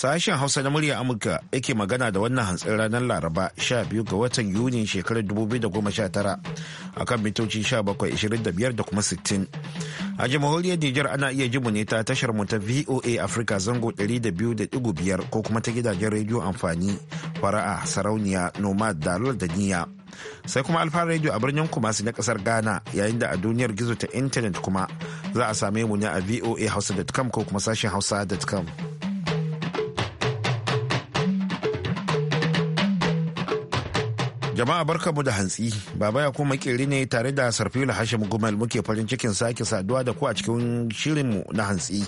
Sashen Hausa na murya Amurka yake magana da wannan hantsin ranar Laraba 12 ga watan Yuni shekarar 2019 a kan mitoci 1725 da kuma 60. A jamhuriyar Nijar ana iya ji mu ne ta tashar mu ta VOA Africa zango 200.5 ko kuma ta gidajen rediyo amfani fara'a sarauniya nomad dalar da niyya, sai kuma alfa rediyo a birnin kumasi na kasar ghana yayin da a duniyar gizo ta intanet kuma za a same mu ne a voa hausa.com ko kuma sashen hausa.com Jama'a barka mu da hantsi, baba ya kuma kiri ne tare da Sarfilu Hashim gumel muke farin cikin sake saduwa da ku a cikin shirinmu na hantsi.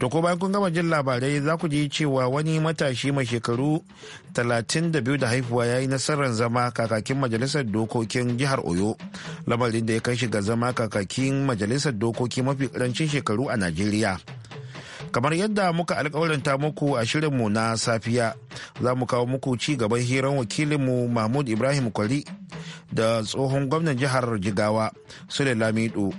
To ko bayan kun gama jin labarai za ku ji cewa wani matashi mai shekaru 32 da haifuwa ya yi nasarar zama kakakin majalisar dokokin jihar Oyo, lamarin da ya kai shiga zama kakakin majalisar dokoki mafi karancin shekaru a Najeriya. kamar yadda muka alkawarinta muku a shirinmu na safiya za mu kawo muku ci gaban hiran wakilinmu mahmud ibrahim kwali da tsohon gwamnan jihar jigawa sule lamido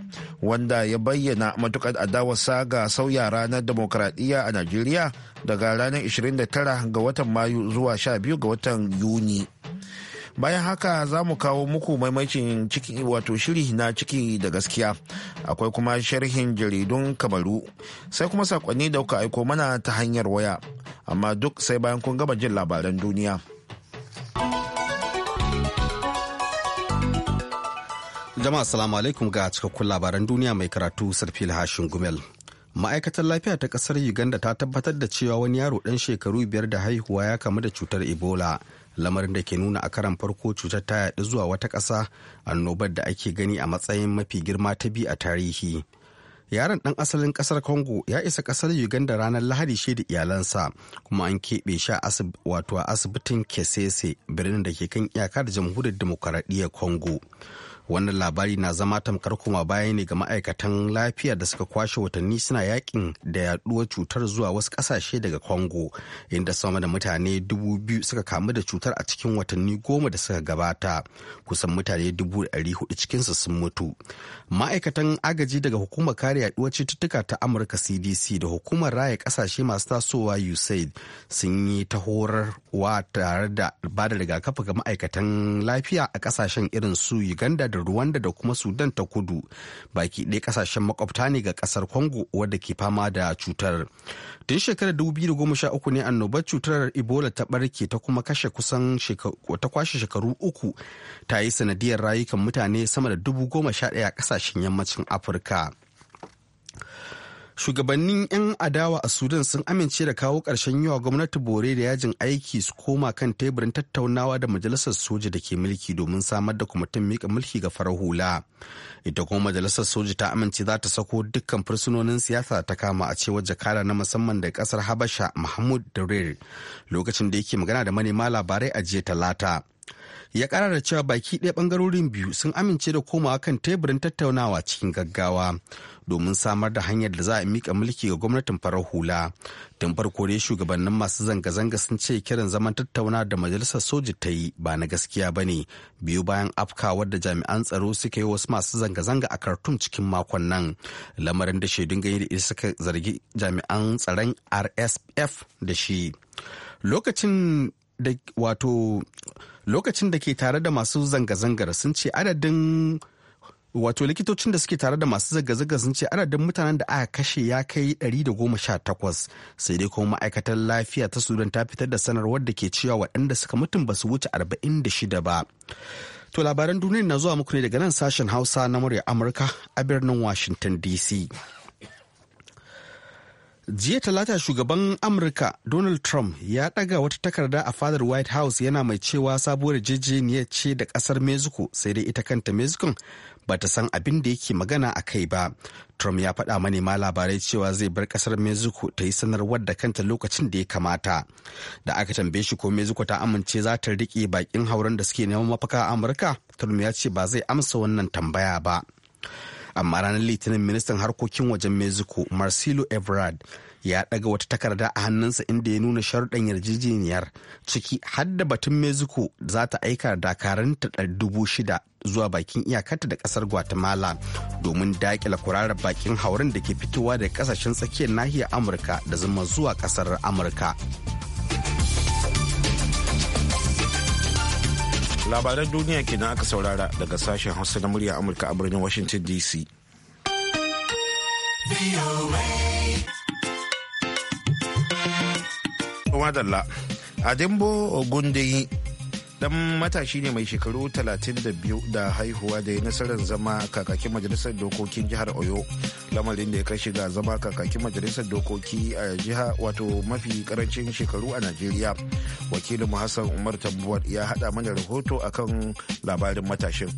wanda ya bayyana matukar adawarsa ga sauya ranar demokradiyya a najeriya daga ranar 29 ga watan mayu zuwa 12 ga watan yuni bayan haka za mu kawo muku maimacin ciki wato shiri na ciki da gaskiya akwai kuma sharhin jaridun kabaru sai kuma sakonni da kuka aiko mana ta hanyar waya amma duk sai bayan kun gama jin labaran duniya jama'a assalamu alaikum ga cikakkun labaran duniya mai karatu sarfil hashin gumel ma'aikatar lafiya ta kasar uganda ta tabbatar da cewa wani yaro dan shekaru biyar da haihuwa ya kamu da cutar ebola lamarin da ke nuna a karan farko cutar ta yaɗu zuwa wata ƙasa annobar da ake gani a matsayin mafi girma ta biyu a tarihi yaron ɗan asalin ƙasar congo ya isa ƙasar uganda ranar lahadi shi da iyalansa kuma an keɓe shi wato a asibitin kesese birnin da ke kan iyaka da jamhuriyar dimokuraɗiyyar congo wannan labari na zama tamkar koma baya ne ga ma'aikatan lafiya da suka kwashe watanni suna yakin da yaduwar cutar zuwa wasu kasashe daga congo inda sama da mutane dubu biyu suka kamu da cutar a cikin watanni goma da suka gabata kusan mutane dubu ɗari hudu cikinsu sun mutu ma'aikatan agaji daga hukumar kare yaduwar cututtuka ta amurka cdc da hukumar raya kasashe masu tasowa usaid sun yi ta horar wa tare da bada da rigakafi ga ma'aikatan lafiya a kasashen irin su uganda da Rwanda da kuma Sudan ta kudu baki ɗaya ƙasashen makwabta ne ga ƙasar Congo wadda ke fama da cutar. Tun shekarar 2013 ne annobar cutar Ebola ta ɓarke ta kuma kashe kusan ta kwashe shekaru uku ta yi sanadiyar rayukan mutane sama da dubu goma sha ɗaya ƙasashen yammacin Afirka. shugabannin 'yan adawa a sudan sun amince da kawo ƙarshen yawa gwamnati bore da yajin aiki su koma kan teburin tattaunawa da majalisar soja da ke mulki domin samar da kwamitin miƙa mulki ga farar hula ita kuma majalisar soja ta amince za ta sako dukkan fursunonin siyasa ta kama a cewar jakara na musamman da kasar habasha mahmud darir lokacin da yake magana da manema labarai a jiya talata ya kara da cewa baki ɗaya ɓangarorin biyu sun amince da komawa kan teburin tattaunawa cikin gaggawa domin samar da hanyar da za a mika mulki ga gwamnatin farar hula tun farko dai shugabannin masu zanga-zanga sun ce kiran zaman tattauna da majalisar soji ta yi ba na gaskiya ba ne biyu bayan afka da jami'an tsaro suka yi wasu masu zanga-zanga a khartoum cikin makon nan lamarin da shaidun gani da suka zargi jami'an tsaron rsf da shi lokacin da wato lokacin da ke tare da masu zanga-zangar sun ce adadin wato likitocin da suke tare da masu zanga-zanga sun ce adadin mutanen da aka kashe ya kai 118 sai dai kuma ma'aikatar lafiya ta sudan ta fitar da sanarwar da ke cewa waɗanda suka mutum ba su wuce 46 ba to labaran duniya na zuwa muku ne daga nan sashen hausa na murya amurka a birnin washington dc jiya talata shugaban amurka donald trump ya ɗaga wata takarda a fadar white house yana mai cewa sabuwar jejeniya ce da ƙasar mexico sai dai ita kanta mexico ba ta san abin da yake magana a kai ba trump ya faɗa manema labarai cewa zai bar ƙasar mexico ta yi sanarwar da kanta lokacin da ya kamata da aka tambaye shi ko mexico ta amince za ta riƙe bakin hauren da suke neman mafaka a amurka trump ya ce ba zai amsa wannan tambaya ba amma ranar litinin ministan harkokin wajen mexico marcelo ebrard ya daga wata takarda a hannunsa inda ya nuna sharuɗan yarjejeniyar ciki har da batun mexico za ta aika dakaranta dubu shida zuwa bakin iyakarta da kasar guatemala domin daƙila kurarar bakin hauren da ke fitowa daga kasashen tsakiyar nahiyar amurka da zama zuwa kasar amurka labaran duniya kenan aka saurara daga sashen hausa na murya amurka a birnin washington dc madalla a dimbo dan matashi ne mai shekaru 32 da haihuwa da ya nasarar zama kakakin majalisar dokokin jihar oyo lamarin da ya kai shiga zama kakakin majalisar dokoki a jiha wato mafi karancin shekaru a najeriya wakilin hassan umar tambuwar ya hada mana rahoto akan labarin matashin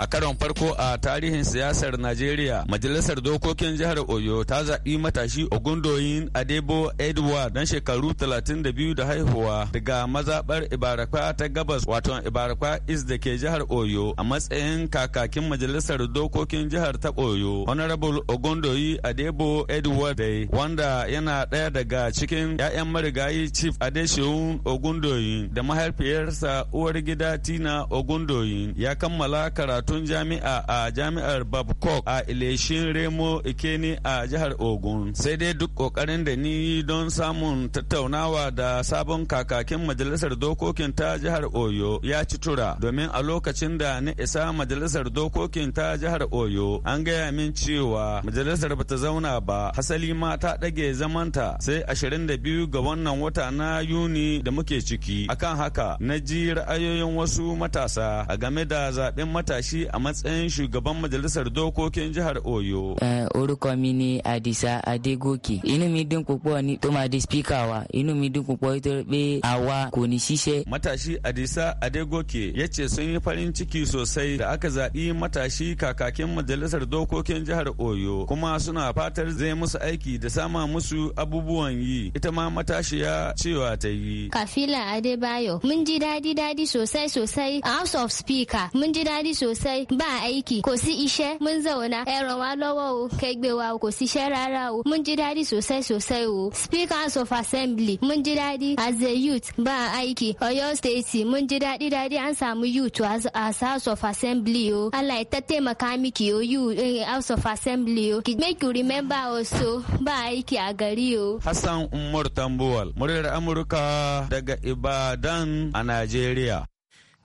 A karon farko a tarihin siyasar Najeriya, Majalisar Dokokin Jihar Oyo ta zaɓi matashi Ogundoyin Adebo Edward dan shekaru 32 da haihuwa daga mazaɓar Ibarakwa ta gabas wato Ibarakwa Is da ke jihar Oyo a matsayin kakakin Majalisar Dokokin Jihar ta Oyo. Honorable Ogundoyi Adebo Edward dai wanda yana ɗaya daga cikin 'ya'yan marigayi Chief Adesheun Ogundoyin da mahaifiyarsa uwar gida Tina Ogundoyin ya kammala karatu karatun jami'a a jami'ar babcock a ileshin remo ikeni a jihar ogun sai dai duk kokarin da ni don samun tattaunawa da sabon kakakin majalisar dokokin ta jihar oyo ya ci tura domin a lokacin da na isa majalisar dokokin ta jihar oyo an gaya min cewa majalisar bata zauna ba hasali ma ta ɗage zamanta sai 22 ga wannan wata na yuni da muke ciki akan haka na ji ra'ayoyin wasu matasa a game da zaɓen matashi lokaci a matsayin shugaban majalisar dokokin jihar Oyo. Eh, orúkọ mi ni Adisa Adegoke. Inú mi dùn púpọ̀ ni tó máa di spika wa. Inú mi dùn púpọ̀ nítorí pé àwa kò ní ṣiṣẹ́. Matashi Adisa Adegoke ya ce sun yi farin ciki sosai da aka zaɓi matashi kakakin majalisar dokokin jihar Oyo kuma suna fatar zai musu aiki da sama musu abubuwan yi. Ita ma matashiya cewa ta yi. Kafila Adebayo, mun ji daɗi daɗi sosai sosai a House of Speaker, mun ji daɗi sosai. sosai ba aiki ko si ishe mun zauna zọ̀wọ̀nà ẹ ràn wá o kẹgbẹ́ wa o kò síṣẹ́ rárá o mun ji jí sosai sosai o speakers of assembly mun ji dadi as a youth ba aiki oyo state mun ji dadi dadi an samu youth as house of assembly o Allah ta taimaka miki o you in eh, house of assembly o make you remember also ba aiki a gari o Hassan Umar Tambuwal muryar Amurka daga Ibadan a Najeriya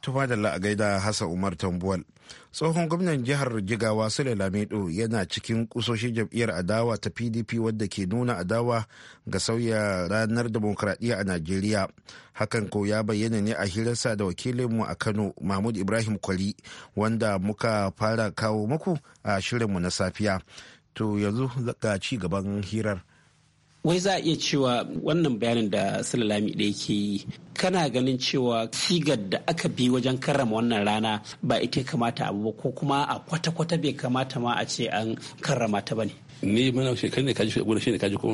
Tufa da la'agaida Hassan Umar Tambuwal tsohon gwamnan jihar jigawa sule lamido yana cikin kusoshin jam'iyyar adawa ta pdp wadda ke nuna adawa ga sauya ranar demokradiyya a najeriya hakan ko ya bayyana ne a hirarsa da wakilinmu a kano mahmud ibrahim kwali wanda muka fara kawo muku a shirinmu na safiya to yanzu ga ci gaban hirar wai za a iya cewa wannan bayanin da sulalami da yake yi kana ganin cewa sigar da aka bi wajen karrama wannan rana ba ita kamata abu ba ko kuma a kwata-kwata bai kamata ma a ce an karrama ta ba ne. ni mana shi kan ne kaji gona shi ne kaji ko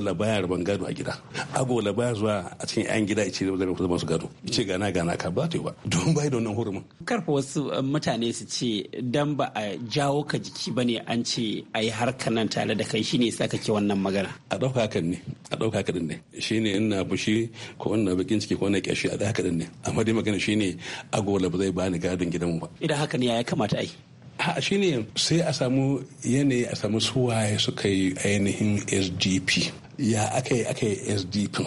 la baya ban gado a gida Ago la baya zuwa a cikin yan gida ce da zai masu gado ce gana gana ka ba ta yi ba don bai da wannan hurumin karfa wasu eh, mutane su ce dan ba a jawo ka jiki ba ne an ce a yi harkar nan tare da kai shine sa kake wannan magana a ɗauka hakan ne a ɗauka haka ɗin ne in ina bushe, ko ina bakin ciki ko ina kyashi a haka ɗin ne amma dai magana ago la ba zai bani gadon gidanmu ba idan haka ne ya kamata yi a shine sai a samu yanayi a samu suwaye suka yi ainihin sdp ya aka yi aka yi sdp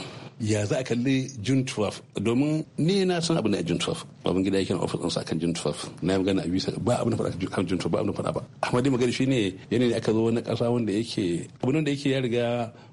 ya za a kalli jun 12 domin ni na san abin na jun 12 babin gida yake na ofis a kan jun 12 na yi magana a bisa ba abin da faɗa kan jun 12 ba abin da faɗa ba amma dai shi shine yanayi da aka zo na ƙasa wanda yake abin da yake ya riga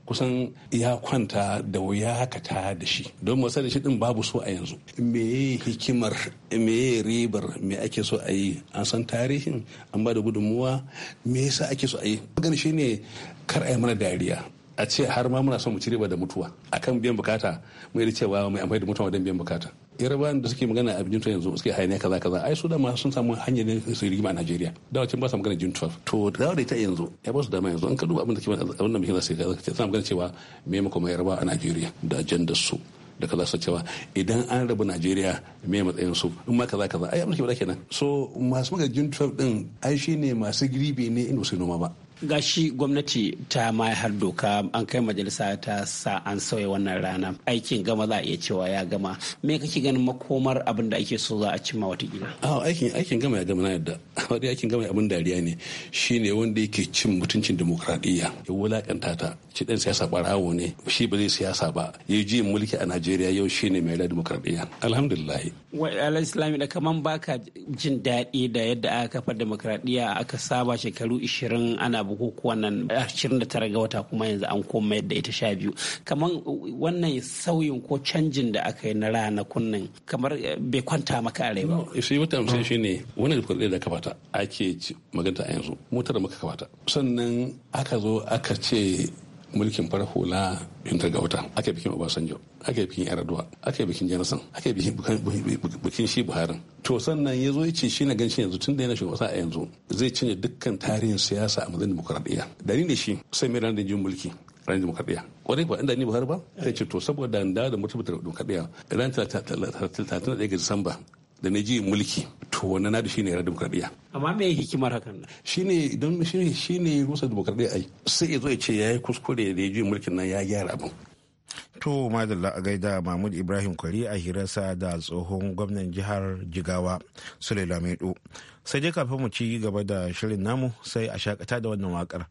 kusan ya kwanta da wuya haka ta da shi don masar da shi din babu so a yanzu Me hikimar me ribar me ake so a yi an san tarihin an ba da gudunmuwa me yasa ake so a yi magana shine kar a yi mana dariya a ce har ma muna son mu cire da mutuwa akan biyan bukata mu yi cewa mai amfani da mutuwa don biyan bukata yarabawan da suke magana a jintuwa yanzu suke hayaniya kaza kaza ai su dama sun samu hanyar da su rigima a najeriya da wacin ba su magana jintuwa to da ita yanzu ya ba su dama yanzu an ka duba abin da ke abin da muke za su yi sa magana cewa me mako yarabawa a najeriya da ajandar su da kaza su cewa idan an rabu najeriya me matsayin su in ma kaza kaza ai abin da ke kenan so masu magana jintuwa din ai shine masu gribe ne inda su noma ba gashi gwamnati ta ma har doka an kai majalisa ta sa an sauya wannan rana aikin gama za a iya cewa ya gama me kake ganin makomar abin da ake so za a cimma watakila ah, aikin aikin gama ya gama na yadda wani aikin gama abin dariya ne shine wanda yake cin mutuncin demokradiyya ya wulakanta ta ci dan siyasa barawo ne shi ba zai siyasa ba ya ji mulki a Najeriya yau shine mai da demokradiyya alhamdulillah wai alal da kaman baka jin daɗi da yadda aka kafa demokradiyya aka saba shekaru 20 ana bukukuwan nan da tara ga wata kuma yanzu an koma yadda ita sha biyu kamar wannan sauyin ko canjin da aka yi na ranakun nan kamar eh, bai kwanta maka a rai ba shi wata hamsin shi ne wannan kuɗi da kafata ake maganta a yanzu motar da muka kafata sannan aka zo aka ce mulkin fara hula yuntar ga wata bikin obasanjo ake bikin yaraduwa ake bikin janasan ake bikin bikin shi buharin to sannan ya zo ya ce shi na ganshi yanzu tun da yana wasa a yanzu zai cinye dukkan tarihin siyasa a da demokuraɗiyya ne shi sai mai ranar jin mulki ranar demokradiyya kwarai ba inda ni buhari ba sai ce to saboda da da mutum da demokradiyya ranar 31 ga disamba da na ji mulki to wani na da ne yara demokradiyya amma me hikimar hakan ne don shi ne rusa demokradiyya ai sai ya zo ya ce ya yi kuskure da ya ji mulkin nan ya gyara abin to madalla a gaida mahmud ibrahim kwari a hirarsa da tsohon gwamnan jihar jigawa sule lamido sai dai kafin mu ci gaba da shirin namu sai a shakata da wannan wakar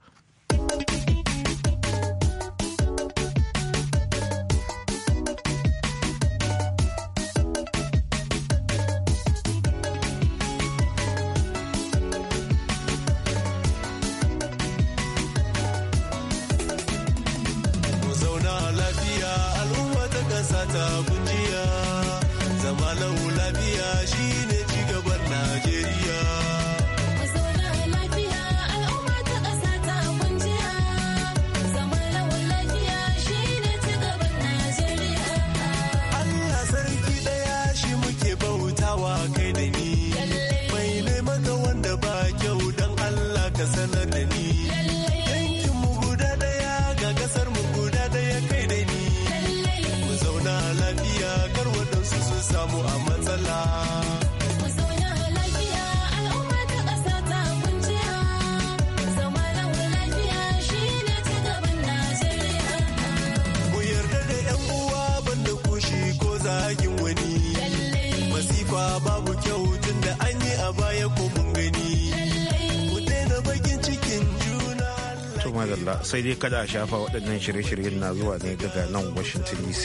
ba sai dai kada a shafa waɗannan shirye-shiryen na zuwa ne daga nan Washington DC.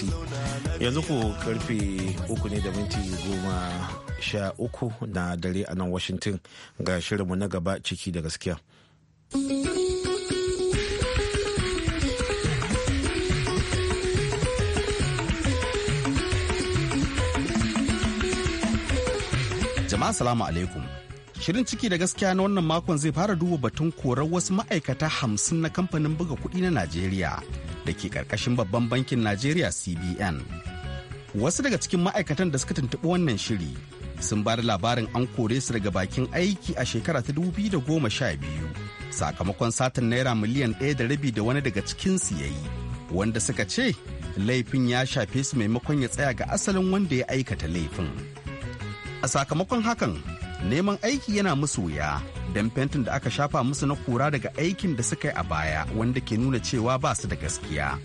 Yanzu ku karfe uku ne da minti goma sha uku na dare a nan Washington ga shirinmu na gaba ciki da gaskiya. Jama'a salamu alaikum. Shirin ciki da gaskiya na wannan makon zai fara duba batun korar wasu ma'aikata hamsin na kamfanin buga kuɗi na Najeriya da ke ƙarƙashin babban bankin Najeriya CBN. Wasu daga cikin ma'aikatan da suka tuntuɓi wannan shiri sun ba da labarin an kore su daga bakin aiki a shekara ta goma sha biyu sakamakon satin naira miliyan ɗaya da rabi da wani daga cikin su yi. wanda suka ce laifin ya shafe su maimakon ya tsaya ga asalin wanda ya aikata laifin. A sakamakon hakan neman aiki yana musu wuya don fentin da aka shafa musu na kura daga aikin da suka yi a baya wanda ke nuna cewa ba su da gaskiya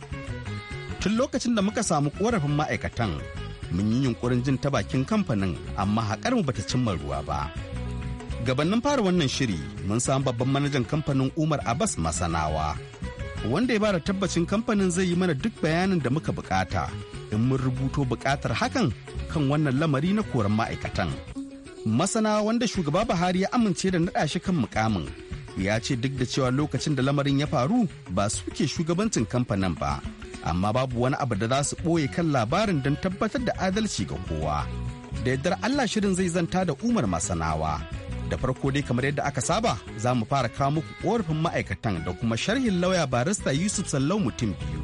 tun lokacin da muka samu korafin ma'aikatan mun yi yunkurin jin ta bakin kamfanin amma haƙar mu bata cimma ruwa ba gabanin fara wannan shiri mun samu babban manajan kamfanin umar abbas masanawa wanda ya bada tabbacin kamfanin zai yi mana duk bayanin da muka bukata in mun rubuto bukatar hakan kan wannan lamari na koran ma'aikatan masana wanda shugaba buhari ya amince da naɗa shi kan mukamin ya ce duk da cewa lokacin da lamarin ya faru ba suke shugabancin kamfanin ba amma babu wani abu da za su ɓoye kan labarin don tabbatar da adalci ga kowa da yaddar allah shirin zai zanta da umar masanawa da farko dai kamar yadda aka saba za mu fara kawo muku korafin ma'aikatan da kuma sharhin lauya barista yusuf sallau mutum biyu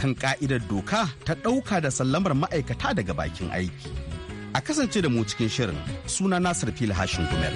kan ka'idar doka ta ɗauka da sallamar ma'aikata daga bakin aiki A kasance da mu cikin shirin suna Nasir Fil Hashin Gumel.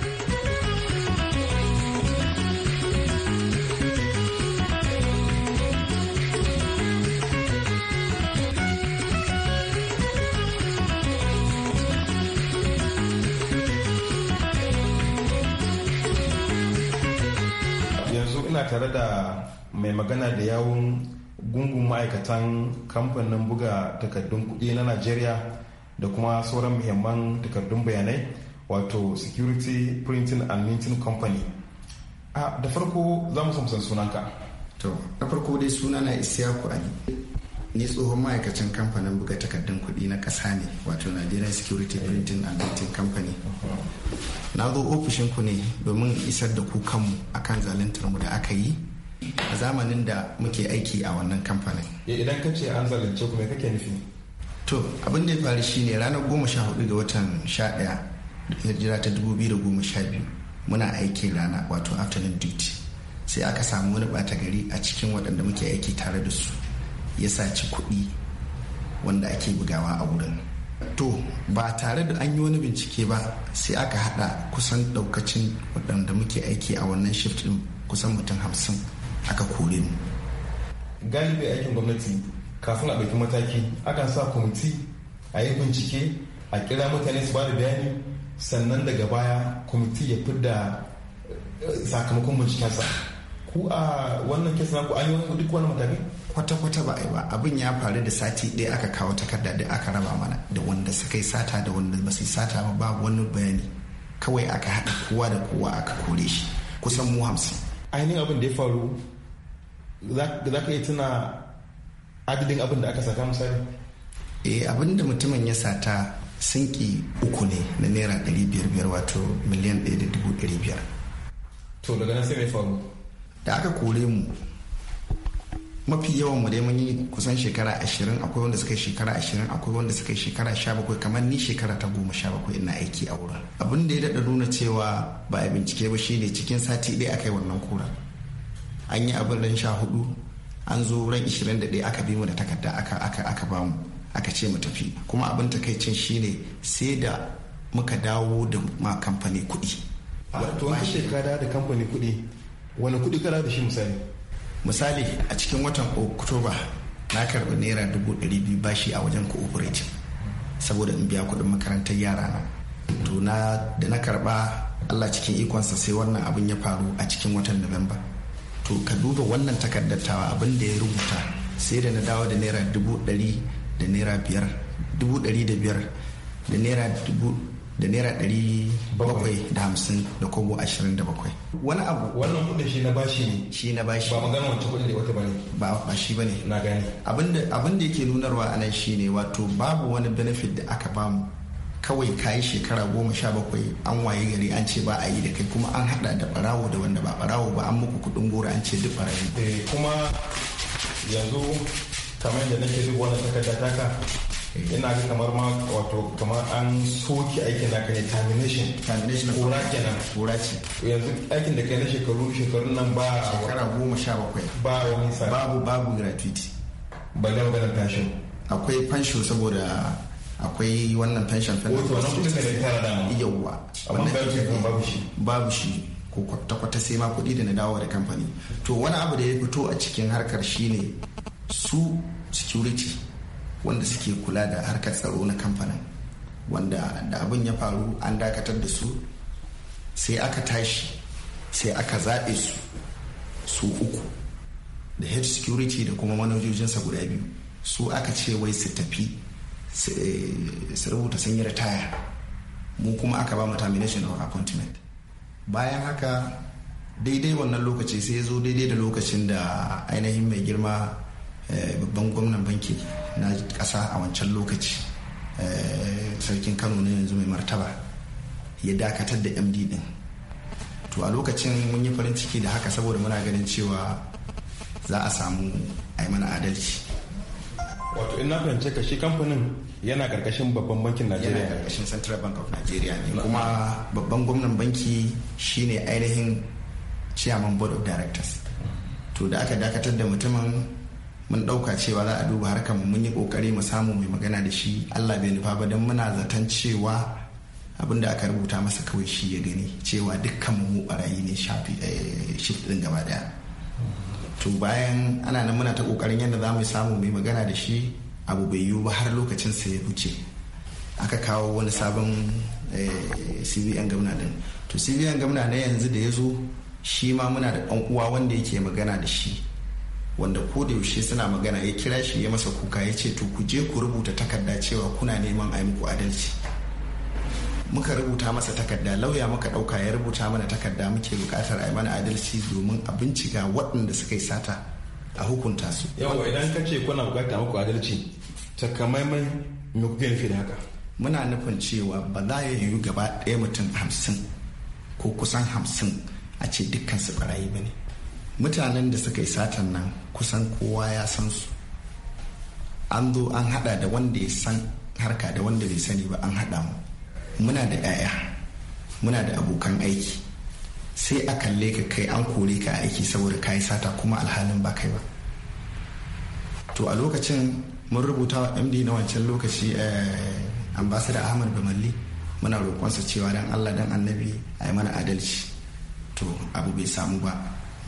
yanzu ina tare da mai magana da yawun gungun ma'aikatan kamfanin buga takardun kuɗi na najeriya da kuma sauran muhimman takardun bayanai wato security printing and minting company a da farko za mu samsan sunanka to na farko dai suna na isiyaku ali ni tsohon ma'aikacin kamfanin buga takardun kuɗi na ƙasa ne wato nigerian security printing and minting company na zo ofishin ku ne domin isar da ku kanmu akan zaluntar mu da aka yi a zamanin da muke aiki a wannan kamfanin eh, idan ka ce an zalunce ku me kake nufi to abin da ya faru shine ranar goma sha hudu ga watan sha ɗaya hijira ta dubu biyu da goma sha biyu muna aikin rana wato afternoon duty sai aka samu wani bata gari a cikin waɗanda muke aiki tare da su ya saci kuɗi wanda ake bugawa a wurin to ba tare da an yi wani bincike ba sai aka haɗa kusan ɗaukacin waɗanda muke aiki a wannan shift ɗin kusan mutum hamsin aka kore mu galibi aikin gwamnati kafin a ɗauki mataki akan sa kwamiti a yi bincike a kira mutane su ba da bayani sannan daga baya kwamiti ya fidda eh, sakamakon bincikensa ku a wannan kesa ku an yi wani duk wani matakai kwata-kwata ba a yi ba abin ya faru da sati ɗaya aka kawo takarda da aka raba mana da wanda suka yi sata da wanda ba su sata ba babu wani bayani kawai aka haɗa kowa da kowa aka kore shi kusan mu hamsin ainihin abin da ya faru za ka iya tuna adadin abin da aka sata misali eh abin da mutumin ya sata sinki uku ne na naira ɗari biyar biyar wato miliyan ɗaya da dubu ɗari biyar to daga nan sai mai faru da aka kore mu mafi yawan mu dai mun yi kusan shekara ashirin akwai wanda suka yi shekara ashirin akwai wanda suka yi shekara sha bakwai kamar ni shekara ta goma sha bakwai ina aiki a wurin abin da ya daɗa nuna cewa ba a bincike ba shine cikin sati ɗaya aka yi wannan kura an yi abin ran sha hudu an zo ran 21 aka bi mu da takarda aka ba mu aka ce mu tafi kuma abin takaicin shine sai da muka dawo da ma kamfani kuɗi. to an ce da kamfani kuɗi wani kuɗi ka da shi misali misali a cikin watan oktoba na karɓi naira dubu ɗari biyu bashi a wajen cooperative saboda in biya kuɗin makarantar yara na to na da na karɓa allah cikin ikonsa sai wannan abin ya faru a cikin watan november to ka duba wannan takardattawa abin da ya rubuta sai da na dawo da naira dubu ɗari da naira biyar dubu ɗari da biyar da naira dubu da naira ɗari bakwai da hamsin da kobo ashirin da bakwai. Wani abu wannan kudin shi na bashi ne. Shi na bashi. Ba magana wancan kudin da wata ba ne. Ba ba shi ba ne. Na gane. Abin da yake nunarwa anan shi ne wato babu wani benefit da aka bamu kawai ka yi shekara goma sha bakwai an waye gari an ce ba a yi da kai kuma an hada da barawo da wanda ba barawo ba an muku kudin gora an ce duk barayi eh, kuma yanzu kamar da nake duk wani takarda taka eh. ina ga kamar ma wato kamar an soke aikin da kai termination termination kura kenan kura ce yanzu aikin da kai na shekaru shekarun nan ba shekara goma sha bakwai ba wani sa babu babu gratuity ba ga maganar tashin akwai fansho saboda akwai wannan pension fund yawwa babu shi babu shi ko kwata-kwata sai ma kuɗi da na dawo da kamfani to wani abu da ya fito a cikin harkar shine su security wanda suke kula da harkar tsaro na kamfanin wanda da abin ya faru an dakatar da su sai aka tashi sai aka zaɓe su su uku da head security da kuma manajojinsa guda biyu su aka ce wai su tafi su rubuta sun yi ritaya mu kuma aka ba mu termination of appointment bayan haka daidai wannan lokaci sai ya zo daidai da lokacin da ainihin mai girma eh, babban gwamnan banki na kasa a wancan lokaci eh, sarkin kano na yanzu mai martaba ya dakatar da md din to a lokacin mun yi farin ciki da haka saboda muna ganin cewa za a samu a mana adalci wato ina fahimce ka shi kamfanin yana karkashin babban bankin Najeriya yana karkashin Central Bank of Nigeria ne kuma babban gwamnan banki shine ainihin chairman board of directors to da aka dakatar da mutumin mun dauka cewa za a duba harkar mun yi kokari mu samu mai magana da shi Allah bai nufa ba don muna zaton cewa abin da aka rubuta masa kawai shi ya gani cewa dukkan mu barayi ne shafi eh, shift din gaba daya to bayan ana nan muna ta kokarin yadda za mu samu mai magana da shi abu bai yiwu ba har lokacin sa ya wuce aka kawo wani sabon eh, cbn gamna din to cbn gamna na yanzu da ya zo shi ma muna da ɗan uwa wanda yake magana da shi wanda ko da yaushe suna magana ya kira shi ya masa kuka ya ce to ku je ku rubuta takarda cewa kuna neman a yi muku adalci muka rubuta masa takarda lauya muka ɗauka ya rubuta mana takarda muke bukatar a yi mana adalci domin a bincika waɗanda suka yi sata a hukunta su yawa idan ka ce kuna bukata muku adalci takamaimai me kuke nufi da haka muna nufin cewa ba za ya yiwu gaba ɗaya mutum hamsin ko kusan hamsin a ce dukkan su barayi ba ne mutanen da suka yi satan nan kusan kowa ya san su an zo an hada da wanda ya san harka da wanda bai sani ba an hada mu muna da 'ya'ya muna da abokan aiki sai a kalle ka kai an kore ka aiki saboda kayi sata kuma alhalin ba kai ba to a lokacin mun rubuta wa md na wancan lokaci eh, ambasada ahmad bamalli muna roƙonsa cewa dan allah dan annabi a yi mana adalci to abu bai samu ba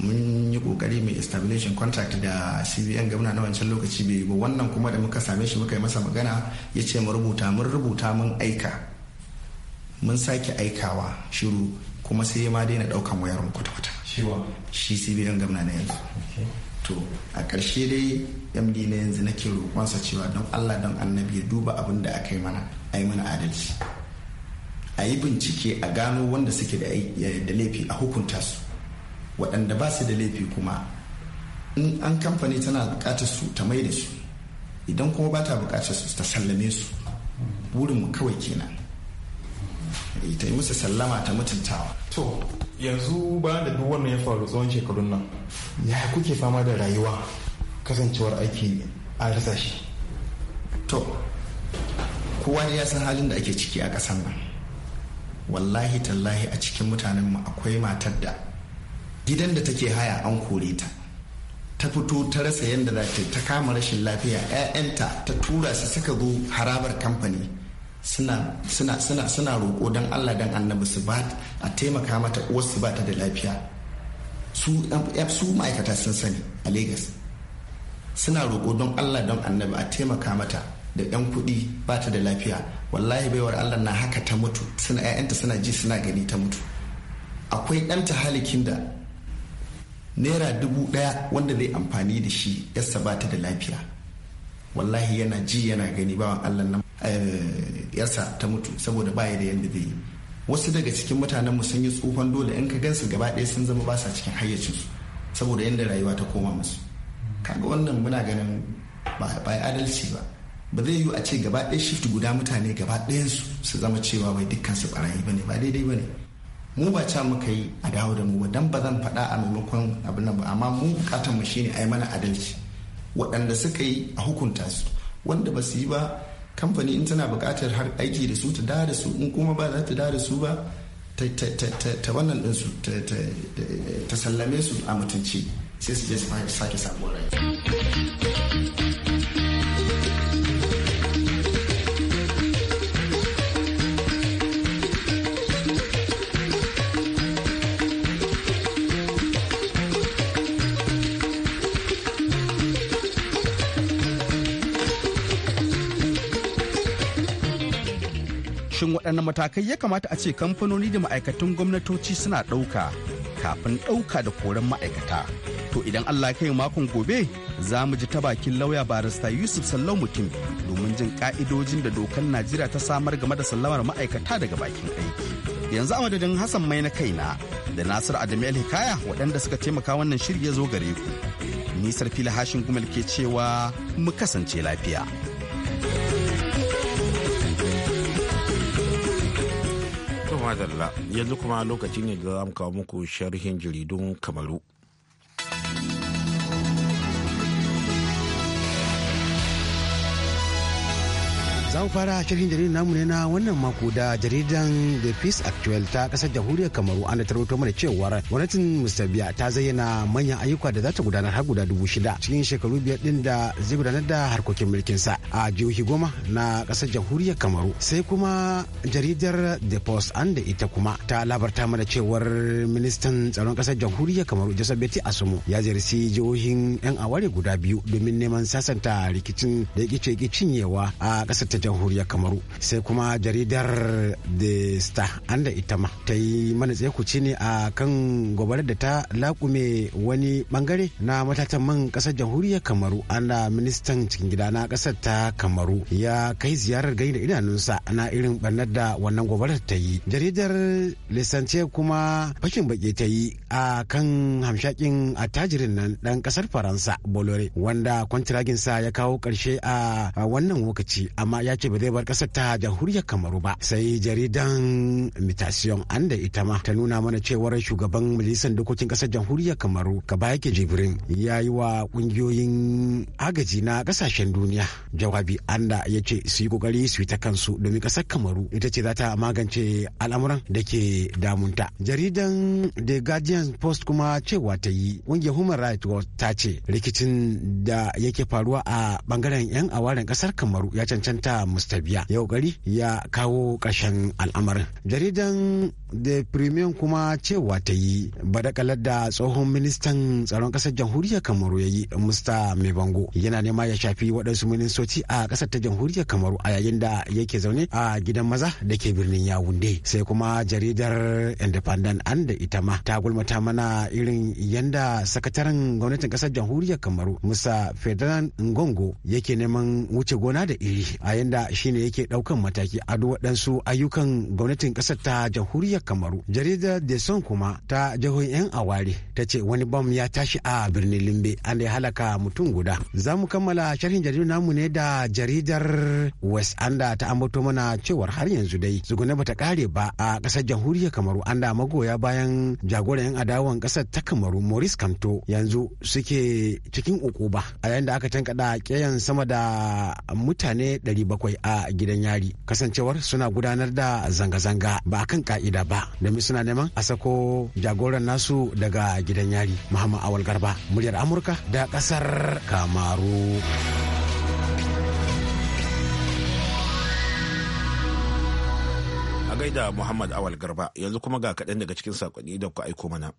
mun yi kokari mai establishing contact da cbn gwamna na wancan lokaci bai ba wannan kuma da muka same shi muka yi masa magana ya ce mu rubuta mun rubuta mun aika mun sake aikawa shiru kuma sai ma daina daukan wayarin kwata-kwata shi cbn gamna na yanzu to a ƙarshe dai md na yanzu nake roƙonsa cewa don allah don annabi ya duba abin da aka yi mana a yi mana adalci a yi bincike a gano wanda suke da laifi a hukunta su waɗanda ba su da laifi kuma in an kamfani tana buƙatar su ta mai da su idan kuma ba ta buƙatar su ta sallame su hmm. mu kawai kenan Eh, ta yi musu sallama ta mutuntawa to yanzu bayan da duk wannan ya faru tsawon shekarun nan ya kuke fama da rayuwa kasancewar aiki a rasa shi to kowa ya san halin da ake ciki a ƙasar nan wallahi tallahi a cikin mutanen mu akwai matar da gidan da take haya an kore ta ta fito ta rasa yadda ta kama rashin lafiya 'ya'yanta ta tura su suka zo harabar kamfani suna suna roƙo don Allah dan annabi su ba a taimaka mata uwar su ba ta da lafiya su ma'aikata sun sani a Lagos suna roƙo don Allah don annabi a taimaka mata da yan kuɗi ba ta da lafiya wallahi baiwar Allah na haka ta mutu suna ƴaƴanta suna ji suna gani ta mutu akwai ɗanta halikin da naira dubu ɗaya wanda zai amfani da shi yasa ba da lafiya wallahi yana ji yana gani bawan allah nan eh, yarsa ta mutu saboda ba da yadda zai yi wasu daga cikin mutanen mu sun yi tsufan dole in ka gansu gaba ɗaya sun zama ba sa cikin hayyacinsu saboda yadda rayuwa ta koma musu kaga wannan muna ganin ba adalci ba ba zai yiwu a ce gaba ɗaya shift guda mutane gaba ɗayansu su zama cewa bai dukkan su barayi bane ba daidai bane mu ba ca muka yi a dawo da mu ba dan ba zan faɗa a maimakon abin nan ba amma mu bukatar mu shine a yi mana adalci waɗanda suka yi a hukunta su wanda ba su yi ba kamfani in tana buƙatar har aiki da su ta da da su in kuma ba za ta da da su ba ta wannan ɗinsu ta sallame su a mutunci sai su je su sake sabuwar rai waɗanne matakai ya kamata a ce kamfanoni da ma'aikatan gwamnatoci suna ɗauka kafin ɗauka da koren ma'aikata to idan allah kai makon gobe za mu ji ta bakin lauya barista yusuf sallau mutum domin jin ka'idojin da dokar najeriya ta samar game da sallamar ma'aikata daga bakin aiki yanzu a madadin hassan mai na kai na da nasir adamu hikaya waɗanda suka taimaka wannan shirya zo gare ku nisar fili hashin gumal ke cewa mu kasance lafiya. madalla yanzu kuma lokacin ne da za mu kawo muku sharhin jaridun kamaru. Za mu fara shirin jaridar namu ne na wannan mako da jaridar The Peace Actual ta kasar jamhuriyar Kamaru an da tarwato mana cewar gwamnatin Mr. ta zayyana manyan ayyuka da za ta gudanar har guda dubu shida cikin shekaru biyar din da zai gudanar da harkokin mulkin sa a jihohi goma na kasar jamhuriyar Kamaru. Sai kuma jaridar The Post an da ita kuma ta labarta mana cewar ministan tsaron kasar jamhuriyar Kamaru beti Asumu ya ziyarci jihohin 'yan aware guda biyu domin neman sasanta rikicin da ya kice cinyewa a kasar ta jamhuriyar kamaru sai kuma jaridar the star an da ita ma ta yi mana tsaikuci ne a kan gobarar da ta lakume wani bangare na matatan man kasar jamhuriyar kamaru an da ministan cikin gida na kasar ta kamaru ya kai ziyarar gani da idanunsa na irin barnar da wannan gobarar ta yi jaridar lissance kuma fashin baki ta yi a kan hamshakin attajirin nan dan kasar faransa bolore wanda kwantiraginsa ya kawo karshe a wannan lokaci amma ya ce ba zai bar kasar ta jamhuriyar kamaru ba sai jaridan mutation an da ita ma ta nuna mana cewar shugaban majalisar dokokin kasar jamhuriyar kamaru gaba yake jibrin ya yi wa kungiyoyin agaji na kasashen duniya jawabi an da ya ce su yi kokari su yi ta kansu domin kasar kamaru ita ce za ta magance al'amuran da ke damunta jaridan the guardian post kuma cewa ta yi kungiyar human rights watch ta ce rikicin da yake faruwa a bangaren yan awaren kasar kamaru ya cancanta mustabiya ya kokari ya kawo ƙarshen al'amarin jaridan da premium kuma cewa ta yi badakalar da tsohon ministan tsaron kasar jamhuriyar kamaru ya yi musta mai bango yana nema ya shafi waɗansu ministoci a kasar ta jamhuriyar kamaru a yayin da yake zaune a gidan maza da ke birnin yawunde sai kuma jaridar independent an da ita ma ta gulmata mana irin yanda sakataren gwamnatin kasar jamhuriyar kamaru musa federal ngongo yake neman wuce gona da iri a yanda shine yake ɗaukan mataki a waɗansu ayyukan gwamnatin kasar ta jamhuriyar kamaru jaridar deson kuma ta jihohin yan aware ta ce wani bam ya tashi a birnin limbe an ya halaka mutum guda za mu kammala sharhin jaridar namu ne da jaridar west anda ta ambato mana cewar har yanzu dai zugune bata kare ba a kasar jamhuriyar kamaru an da magoya bayan jagoran yan adawan kasar ta kamaru moris kamto yanzu suke cikin ukuba a yayin da aka tankada keyan sama da mutane 700 a gidan yari kasancewar suna gudanar da zanga-zanga ba kan ka'ida garba domin suna neman a sako jagoran nasu daga gidan yari muhammad awal garba muryar amurka da kasar kamaru a gaida muhammad awal garba yanzu kuma ga kaɗan daga cikin saƙonni da ku aiko mana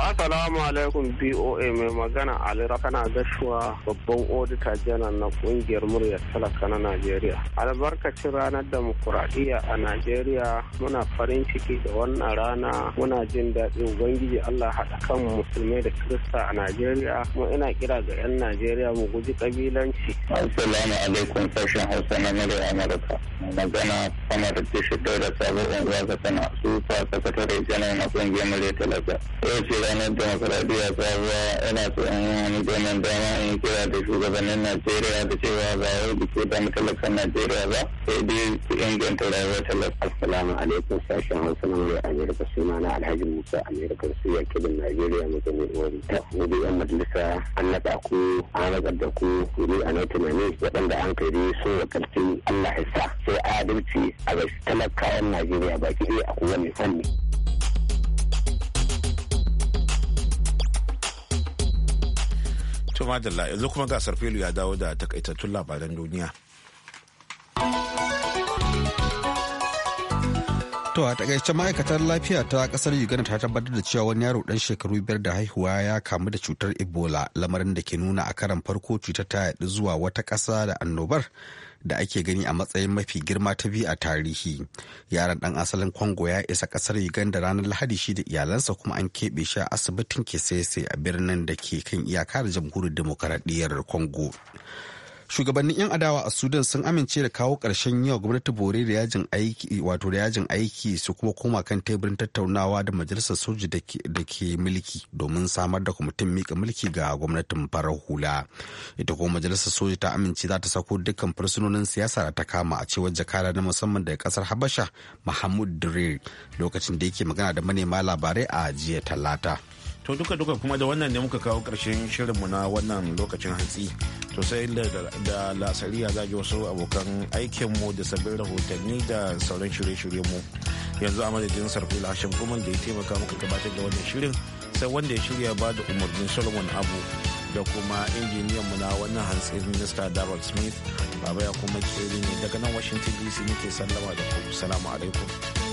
Assalamu alaikum BOA mai magana Ali Rakana Gashuwa babban odita janar na kungiyar muryar talaka na Najeriya. Albarkacin ranar demokuraɗiyya a Najeriya muna farin ciki da wannan rana muna jin daɗin Ubangiji Allah haɗa kan musulmai da Kirista a Najeriya mu ina kira ga 'yan Najeriya mu guji ƙabilanci. Assalamu alaikum sashen Hausa na muryar Amurka. Magana sama da tashar da sabon wanzuwa ka tana su sakatare janar na kungiyar muryar talaka. Eh, ranar demokuraɗiyya sabuwa yana so in yi wani gonan dama in kira da shugabannin najeriya da cewa ba wai da ke damu talakan najeriya ba sai dai su inganta rayuwar talaka. assalamu alaikum sashen hausa na murya amerika suna na alhaji musa amerika su ya kebin najeriya mutum ne wani ta mu yan majalisa an naɗa ku an ragar da ku ne a na tunani waɗanda an kai dai so ya ƙarfi allah ya sa sai adalci a ga talakawan najeriya baki ɗaya a kowane fanni. To madalla yanzu kuma gasar filu ya dawo da takaitattun labaran duniya. To a takaice ma'aikatar lafiya ta kasar Uganda ta tabbatar da cewa wani yaro dan shekaru biyar da haihuwa ya kamu da cutar Ebola lamarin da ke nuna a karan farko cutar ta yaɗu zuwa wata kasa da annobar da ake gani a matsayin mafi girma ta biyu a tarihi. Yaron dan asalin Congo ya isa kasar Uganda ranar Lahadi shi da iyalansa kuma an keɓe shi a asibitin Kesese a birnin da ke kan iyaka da jamhuriyar demokaradiyyar Congo. shugabannin 'yan adawa a sudan sun amince da kawo karshen yau gwamnati bore da yajin aiki wato da yajin aiki su kuma koma kan teburin tattaunawa da majalisar soji da ke mulki domin samar da kwamitin mika mulki ga gwamnatin farar hula ita kuma majalisar soji ta amince za ta sako dukkan fursunonin siyasa da ta kama a cewar jakada na musamman daga kasar habasha mahmud durir lokacin da yake magana da manema labarai a jiya talata to duka-duka kuma da wannan ne muka kawo ƙarshen shirinmu na wannan lokacin hatsi. to sai da lasariya za ji wasu abokan aikinmu da sabbin rahotanni da sauran shirye-shirye mu yanzu a madadin sarfila hashim kuma da ya taimaka muka gabatar da wannan shirin sai wanda ya shirya ba da umarnin solomon abu da kuma injiniyan mu na wannan hantsin minista darrell smith baba ya kuma kere ne daga nan washington dc nake sallama da ku salamu alaikum